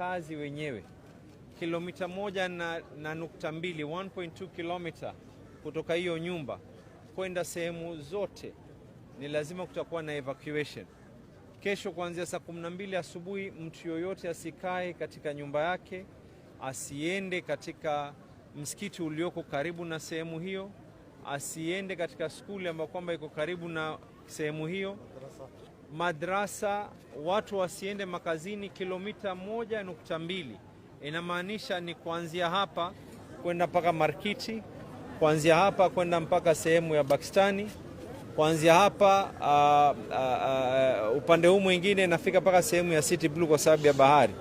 wakazi wenyewe kilomita moja na, na nukta mbili 1.2 kilomita kutoka hiyo nyumba kwenda sehemu zote, ni lazima kutakuwa na evacuation. Kesho kuanzia saa kumi na mbili asubuhi, mtu yoyote asikae katika nyumba yake, asiende katika msikiti ulioko karibu na sehemu hiyo, asiende katika skuli ambayo kwamba iko karibu na sehemu hiyo, madrasa, watu wasiende makazini kilomita moja nukta mbili. Inamaanisha ni kuanzia hapa kwenda mpaka Markiti, kuanzia hapa kwenda mpaka sehemu ya Pakistani, kuanzia hapa uh, uh, uh, upande huu mwingine inafika mpaka sehemu ya City Blue kwa sababu ya bahari.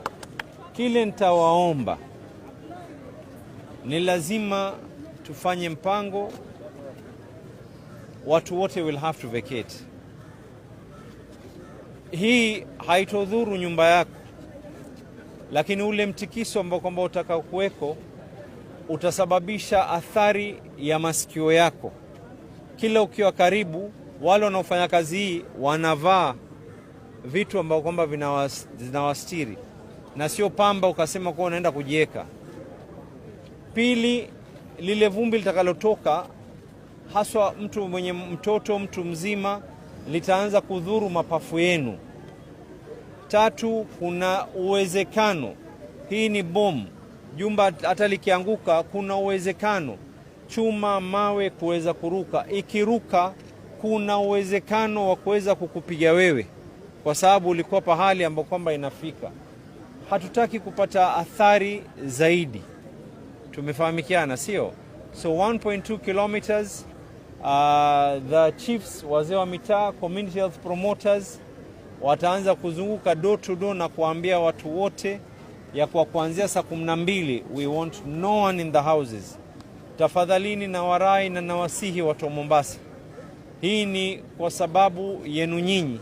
Kile nitawaomba ni lazima tufanye mpango, watu wote will have to vacate hii haitodhuru nyumba yako, lakini ule mtikiso ambao kwamba kuweko utasababisha athari ya masikio yako. Kila ukiwa karibu, wale wanaofanya kazi hii wanavaa vitu ambao kwamba vinawastiri na sio pamba ukasema kuwa unaenda kujieka. Pili, lile vumbi litakalotoka haswa, mtu mwenye mtoto, mtu mzima litaanza kudhuru mapafu yenu. Tatu, kuna uwezekano hii ni bomu, jumba hata likianguka, kuna uwezekano chuma, mawe kuweza kuruka. Ikiruka kuna uwezekano wa kuweza kukupiga wewe, kwa sababu ulikuwa pahali ambapo kwamba inafika. Hatutaki kupata athari zaidi, tumefahamikiana, sio? So 1.2 kilometers Uh, the chiefs, wazee wa mitaa, community health promoters wataanza kuzunguka door to door na kuambia watu wote ya kwa kuanzia saa kumi na mbili we want no one in the houses. Tafadhalini na warai na nawasihi watu wa Mombasa, hii ni kwa sababu yenu nyinyi,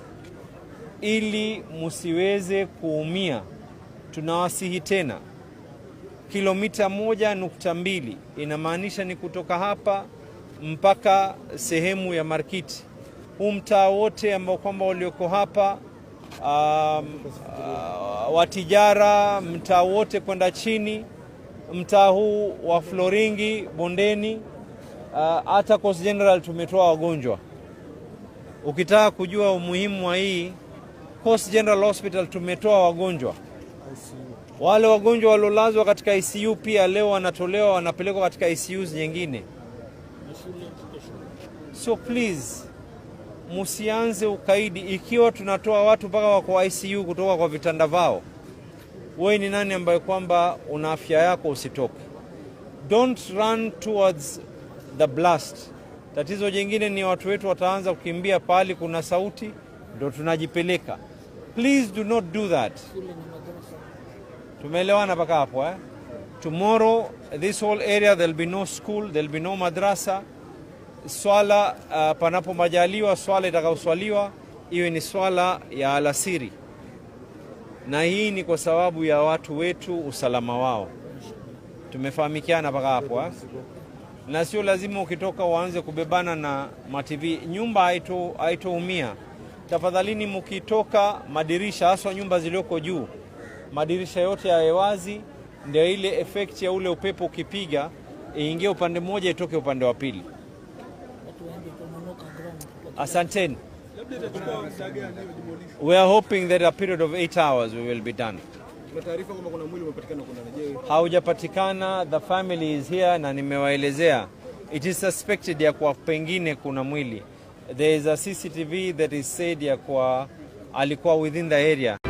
ili musiweze kuumia. Tunawasihi tena, kilomita moja nukta mbili inamaanisha ni kutoka hapa mpaka sehemu ya Markiti. Huu mtaa wote ambao kwamba walioko hapa um, uh, watijara, mtaa wote kwenda chini, mtaa huu wa Floringi bondeni, uh, hata uh, Coast General tumetoa wagonjwa. Ukitaka kujua umuhimu wa hii Coast General Hospital, tumetoa wagonjwa wale wagonjwa waliolazwa katika ICU pia leo wanatolewa wanapelekwa katika ICU nyingine so please msianze ukaidi. Ikiwa tunatoa watu mpaka wako ICU kutoka kwa vitanda vao, wewe ni nani ambaye kwamba una afya yako usitoke? Don't run towards the blast. Tatizo jingine ni watu wetu wataanza kukimbia pahali kuna sauti, ndio tunajipeleka. Please do not do that. Tumeelewana mpaka hapo eh? Tomorrow, this whole area there'll be no school, there'll be no madrasa. Swala uh, panapo majaliwa, swala itakaoswaliwa iwe ni swala ya alasiri, na hii ni kwa sababu ya watu wetu, usalama wao. Tumefahamikiana mpaka hapo eh? Na sio lazima ukitoka waanze kubebana na mativi. Nyumba haitoumia. Tafadhalini, mukitoka madirisha, haswa nyumba zilizoko juu, madirisha yote yawe wazi ndio ile effect ya ule upepo ukipiga iingie upande mmoja itoke upande wa pili. Asanteni. We are hoping that a period of 8 hours we will be done. Haujapatikana, the family is here na nimewaelezea. It is suspected ya kwa pengine kuna mwili. There is a CCTV that is said ya kwa alikuwa within the area.